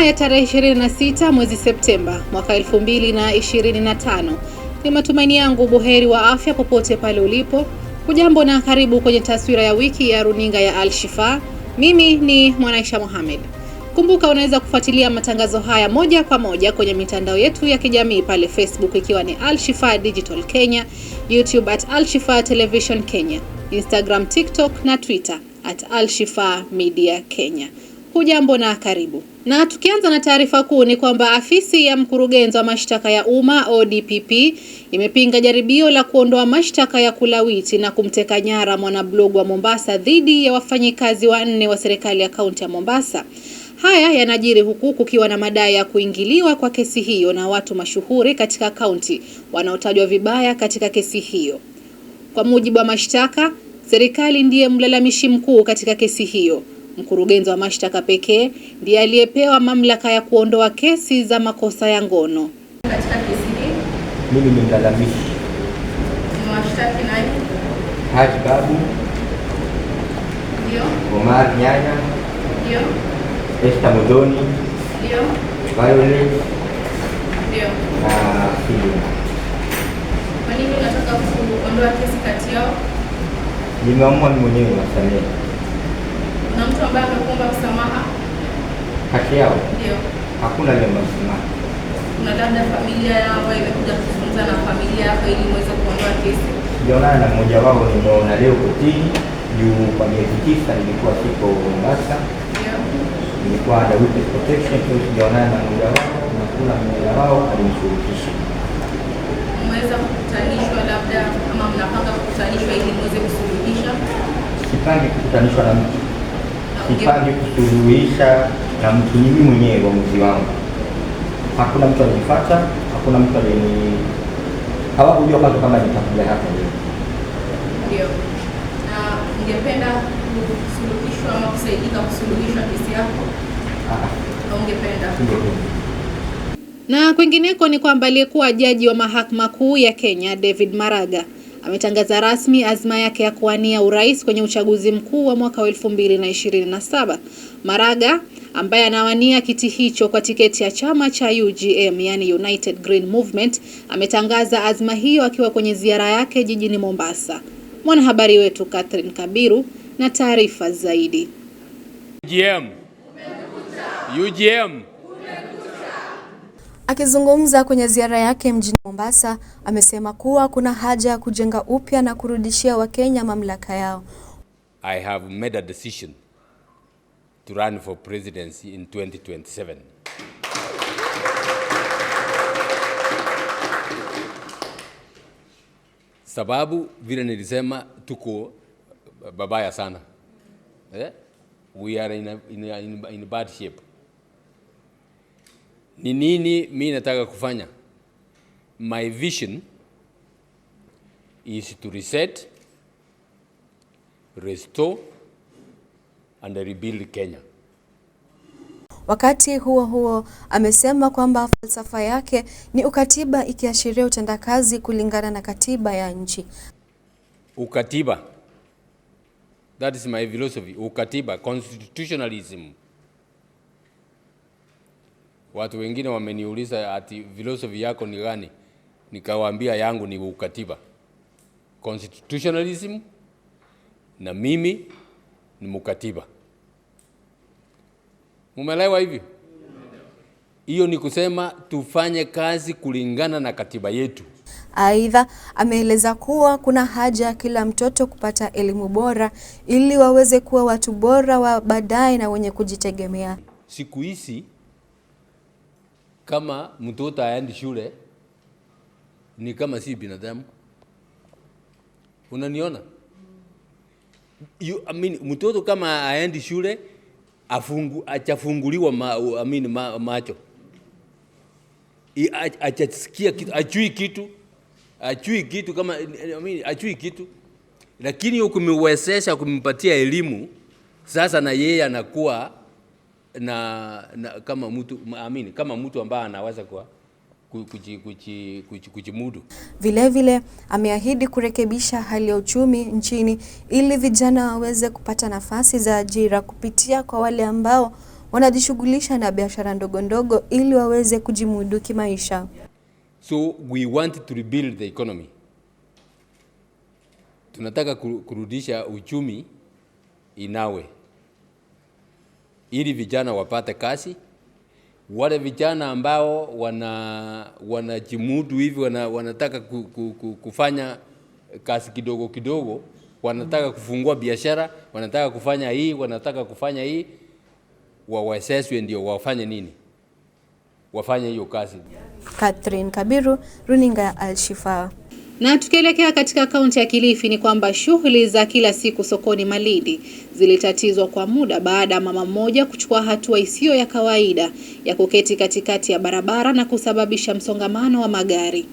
Ijumaa ya tarehe 26 mwezi Septemba mwaka 2025. Ni matumaini yangu buheri wa afya popote pale ulipo. Hujambo na karibu kwenye taswira ya wiki ya runinga ya Al shifa Mimi ni Mwanaisha Mohamed. Kumbuka unaweza kufuatilia matangazo haya moja kwa moja kwenye mitandao yetu ya kijamii pale Facebook ikiwa ni Al Digital Kenya, YouTube at Al Television Kenya, Instagram, TikTok na Twitter at Al Media Kenya. Hujambo na karibu. Na tukianza na taarifa kuu ni kwamba afisi ya mkurugenzi wa mashtaka ya umma ODPP imepinga jaribio la kuondoa mashtaka ya kulawiti na kumteka nyara mwanablogu wa Mombasa dhidi ya wafanyikazi wanne wa serikali ya kaunti ya Mombasa. Haya yanajiri huku kukiwa na madai ya kuingiliwa kwa kesi hiyo na watu mashuhuri katika kaunti wanaotajwa vibaya katika kesi hiyo. Kwa mujibu wa mashtaka, serikali ndiye mlalamishi mkuu katika kesi hiyo. Mkurugenzi wa mashtaka pekee ndiye aliyepewa mamlaka ya kuondoa kesi za makosa ya ngono. mimi ni mlalamishi. Mwashtaki nani? Haji Babu. Ndio. Omar Nyanya. Ndio. Esther Modoni. Ndio. Violet. Ndio. Na Filina. Kwa nini unataka kuondoa kesi kati yao? Nimeamua mwenyewe nasamehe na mtu ambaye amekuomba msamaha haki yao ndio hakuna lema msamaha. Kuna labda familia yao imekuja kuzungumza na familia yako ili muweze kuondoa kesi. Nilionana na mmoja wao nimeona leo kotini juu kwa miezi tisa nilikuwa siko Mombasa, nilikuwa na witness protection, kwa sijaonana na mmoja wao na kuna mmoja wao alimshurukisha. Mmeweza kukutanishwa labda, ama mnapanga kukutanishwa ili muweze kusuluhisha? Sipangi kukutanishwa na mtu sipandi kusuluhisha na mtu, mimi mwenyewe uamuzi wangu. Hakuna mtu alinifuata, hakuna mtu alini, hawakujua kwanza kama nitakuja hapa leo. Ndio ungependa kusuluhishwa ama kusaidika kusuluhishwa kesi yako? Ah. Ungependa na kwingineko ni kwamba aliyekuwa jaji wa mahakama kuu ya Kenya David Maraga ametangaza rasmi azma yake ya kuwania urais kwenye uchaguzi mkuu wa mwaka wa 2027. Maraga ambaye anawania kiti hicho kwa tiketi ya chama cha UGM, yani United Green Movement, ametangaza azma hiyo akiwa kwenye ziara yake jijini Mombasa. Mwanahabari wetu Catherine Kabiru na taarifa zaidi. UGM. UGM. Akizungumza kwenye ziara yake mjini Mombasa, amesema kuwa kuna haja ya kujenga upya na kurudishia Wakenya mamlaka yao. I have made a decision to run for presidency in 2027. Sababu vile nilisema tuko babaya sana. Eh? We are in a, in a, in bad shape ni nini mi nataka kufanya. My vision is to reset, restore and rebuild Kenya. Wakati huo huo amesema kwamba falsafa yake ni ukatiba ikiashiria utendakazi kulingana na katiba ya nchi. Ukatiba. That is my philosophy. Ukatiba, constitutionalism. Watu wengine wameniuliza ati philosophy yako ni gani? Nikawaambia yangu ni ukatiba, constitutionalism, na mimi ni mkatiba. Mumelewa hivyo Hiyo ni kusema tufanye kazi kulingana na katiba yetu. Aidha, ameeleza kuwa kuna haja ya kila mtoto kupata elimu bora ili waweze kuwa watu bora wa baadaye na wenye kujitegemea. Siku hizi kama mtoto aendi shule ni kama si binadamu. Unaniona? You, I mean, mtoto kama aendi shule afungu, achafunguliwa ma, I mean, ma, macho achasikia kitu, achui kitu, achui kitu kama I mean, achui kitu, lakini ukumiwezesha kumpatia elimu sasa, na yeye anakuwa na, na kama mtu amini kama mtu ambaye anaweza kwa kujimudu. Vilevile ameahidi kurekebisha hali ya uchumi nchini ili vijana waweze kupata nafasi za ajira kupitia kwa wale ambao wanajishughulisha na biashara ndogo ndogo ili waweze kujimudu kimaisha. So we want to rebuild the economy. Tunataka kurudisha uchumi inawe ili vijana wapate kazi. Wale vijana ambao wana wanajimudu hivi wana, wanataka ku, ku, ku, kufanya kazi kidogo kidogo, wanataka kufungua biashara, wanataka kufanya hii, wanataka kufanya hii, wawezeshwe ndio wafanye nini, wafanye hiyo kazi. Catherine Kabiru, runinga Alshifa. Na tukielekea katika kaunti ya Kilifi ni kwamba shughuli za kila siku sokoni Malindi zilitatizwa kwa muda baada ya mama mmoja kuchukua hatua isiyo ya kawaida ya kuketi katikati ya barabara na kusababisha msongamano wa magari.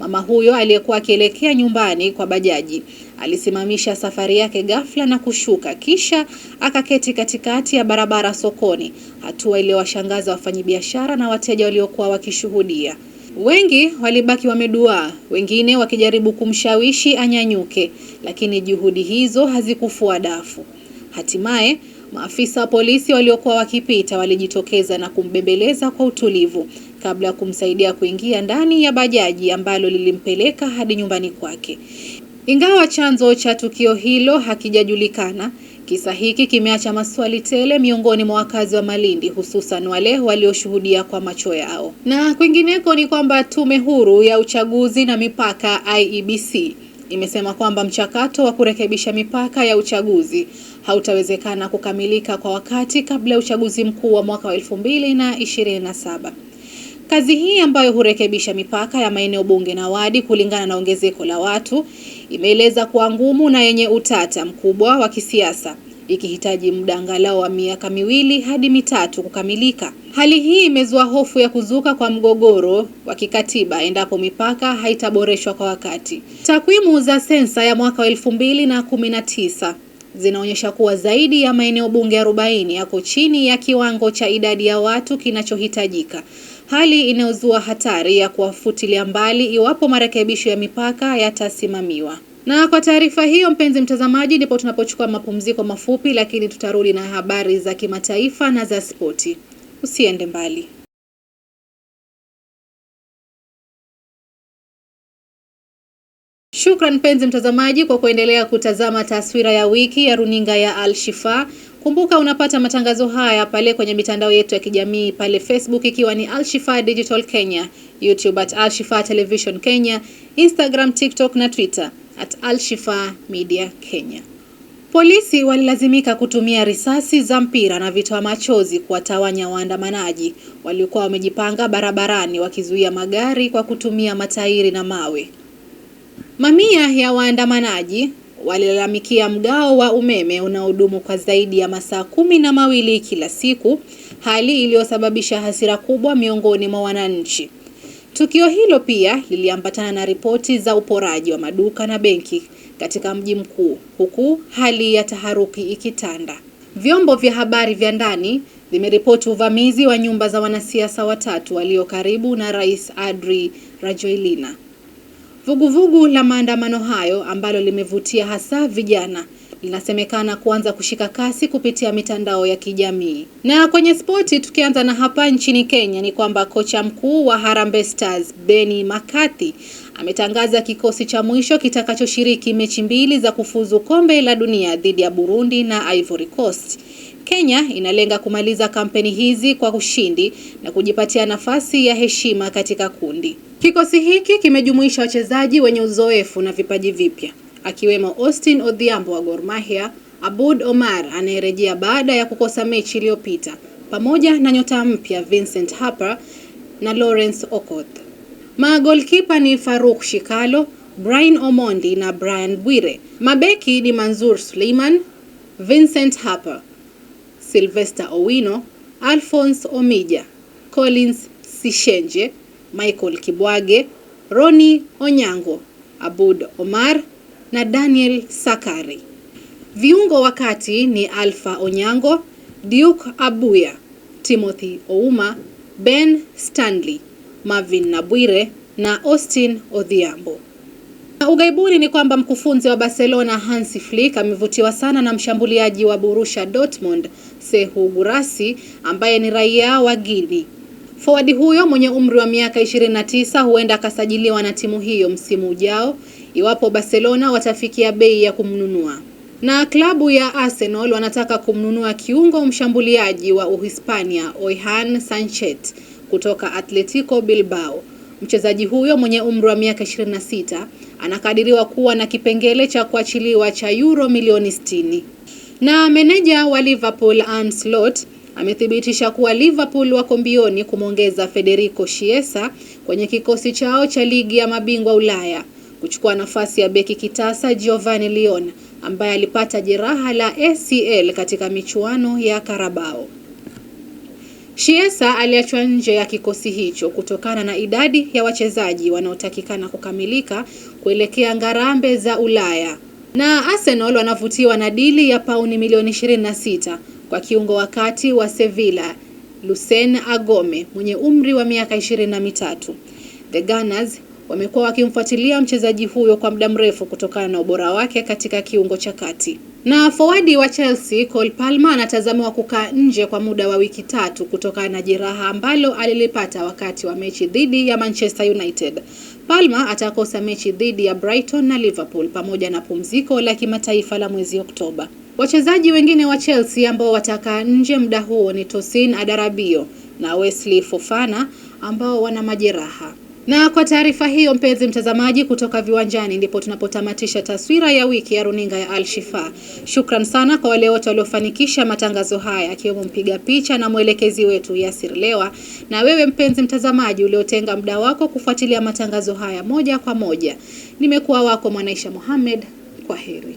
Mama huyo aliyekuwa akielekea nyumbani kwa bajaji alisimamisha safari yake ghafla na kushuka kisha akaketi katikati ya barabara sokoni, hatua iliyowashangaza wafanyabiashara na wateja waliokuwa wakishuhudia. Wengi walibaki wameduaa, wengine wakijaribu kumshawishi anyanyuke, lakini juhudi hizo hazikufua dafu. Hatimaye maafisa wa polisi waliokuwa wakipita walijitokeza na kumbembeleza kwa utulivu kabla ya kumsaidia kuingia ndani ya bajaji ambalo lilimpeleka hadi nyumbani kwake. Ingawa chanzo cha tukio hilo hakijajulikana, Kisa hiki kimeacha maswali tele miongoni mwa wakazi wa Malindi, hususan wale walioshuhudia kwa macho yao. Na kwingineko ni kwamba Tume Huru ya Uchaguzi na Mipaka IEBC imesema kwamba mchakato wa kurekebisha mipaka ya uchaguzi hautawezekana kukamilika kwa wakati kabla ya uchaguzi mkuu wa mwaka wa elfu mbili na ishirini na saba. Kazi hii ambayo hurekebisha mipaka ya maeneo bunge na wadi kulingana na ongezeko la watu, imeeleza kuwa ngumu na yenye utata mkubwa wa kisiasa ikihitaji muda angalau wa miaka miwili hadi mitatu kukamilika. Hali hii imezua hofu ya kuzuka kwa mgogoro wa kikatiba endapo mipaka haitaboreshwa kwa wakati. Takwimu za sensa ya mwaka wa elfu mbili na kumi na tisa zinaonyesha kuwa zaidi ya maeneo bunge 40 yako chini ya kiwango cha idadi ya watu kinachohitajika, hali inayozua hatari ya kuwafutilia mbali iwapo marekebisho ya mipaka yatasimamiwa. Na kwa taarifa hiyo, mpenzi mtazamaji, ndipo tunapochukua mapumziko mafupi, lakini tutarudi na habari za kimataifa na za spoti. Usiende mbali. Shukran mpenzi mtazamaji kwa kuendelea kutazama taswira ya wiki ya runinga ya Al shifa Kumbuka unapata matangazo haya pale kwenye mitandao yetu ya kijamii pale Facebook ikiwa ni Al Shifa Digital Kenya, YouTube at Al Shifa Television Kenya, Instagram, TikTok na Twitter at Alshifa Media Kenya. Polisi walilazimika kutumia risasi za mpira na vitoa machozi kuwatawanya waandamanaji waliokuwa wamejipanga barabarani wakizuia magari kwa kutumia matairi na mawe. Mamia ya waandamanaji walilalamikia mgao wa umeme unaodumu kwa zaidi ya masaa kumi na mawili kila siku, hali iliyosababisha hasira kubwa miongoni mwa wananchi. Tukio hilo pia liliambatana na ripoti za uporaji wa maduka na benki katika mji mkuu, huku hali ya taharuki ikitanda. Vyombo vya habari vya ndani vimeripoti uvamizi wa nyumba za wanasiasa watatu walio karibu na Rais Andry Rajoelina. Vuguvugu vugu la maandamano hayo ambalo limevutia hasa vijana linasemekana kuanza kushika kasi kupitia mitandao ya kijamii. Na kwenye spoti, tukianza na hapa nchini Kenya, ni kwamba kocha mkuu wa Harambee Stars Benni McCarthy ametangaza kikosi cha mwisho kitakachoshiriki mechi mbili za kufuzu kombe la dunia dhidi ya Burundi na Ivory Coast. Kenya inalenga kumaliza kampeni hizi kwa ushindi na kujipatia nafasi ya heshima katika kundi. Kikosi hiki kimejumuisha wachezaji wenye uzoefu na vipaji vipya akiwemo Austin Odhiambo wa Gor Mahia, Abud Omar anayerejea baada ya kukosa mechi iliyopita, pamoja na nyota mpya Vincent Harper na Lawrence Okoth. Magolkipa ni Faruk Shikalo, Brian Omondi na Brian Bwire. Mabeki ni Manzur Suleiman, Vincent Harper Sylvester Owino, Alphonse Omija, Collins Sishenje, Michael Kibwage, Roni Onyango, Abud Omar na Daniel Sakari. Viungo wakati ni Alpha Onyango, Duke Abuya, Timothy Ouma, Ben Stanley, Marvin Nabwire na Austin Odhiambo ugaibuni ni kwamba mkufunzi wa Barcelona Hansi Flick amevutiwa sana na mshambuliaji wa Borussia Dortmund Sehu Gurasi ambaye ni raia wa Gini. Forward huyo mwenye umri wa miaka 29 huenda akasajiliwa na timu hiyo msimu ujao iwapo Barcelona watafikia bei ya kumnunua. Na klabu ya Arsenal wanataka kumnunua kiungo mshambuliaji wa Uhispania Oihan Sanchez kutoka Atletico Bilbao. Mchezaji huyo mwenye umri wa miaka 26 anakadiriwa kuwa na kipengele cha kuachiliwa cha euro milioni 60. Na meneja wa Liverpool Arne Slot amethibitisha kuwa Liverpool wako mbioni kumwongeza Federico Chiesa kwenye kikosi chao cha ligi ya mabingwa Ulaya kuchukua nafasi ya beki kitasa Giovanni Leon ambaye alipata jeraha la ACL katika michuano ya Karabao. Chiesa aliachwa nje ya kikosi hicho kutokana na idadi ya wachezaji wanaotakikana kukamilika kuelekea ngarambe za Ulaya. Na Arsenal wanavutiwa na dili ya pauni milioni 26 kwa kiungo wa kati wa Sevilla Lucien Agome mwenye umri wa miaka 23. mitatu. The Gunners wamekuwa wakimfuatilia mchezaji huyo kwa muda mrefu kutokana na ubora wake katika kiungo cha kati. Na fowadi wa Chelsea Cole Palmer anatazamiwa kukaa nje kwa muda wa wiki tatu kutokana na jeraha ambalo alilipata wakati wa mechi dhidi ya Manchester United. Palmer atakosa mechi dhidi ya Brighton na Liverpool pamoja na pumziko la kimataifa la mwezi Oktoba. Wachezaji wengine wa Chelsea ambao watakaa nje muda huo ni Tosin Adarabio na Wesley Fofana ambao wana majeraha. Na kwa taarifa hiyo, mpenzi mtazamaji, kutoka viwanjani ndipo tunapotamatisha taswira ya wiki ya runinga ya Al shifa Shukran sana kwa wale wote waliofanikisha matangazo haya, akiwemo mpiga picha na mwelekezi wetu Yasir Lewa, na wewe mpenzi mtazamaji uliotenga muda wako kufuatilia matangazo haya moja kwa moja. Nimekuwa wako Mwanaisha Mohamed, kwa heri.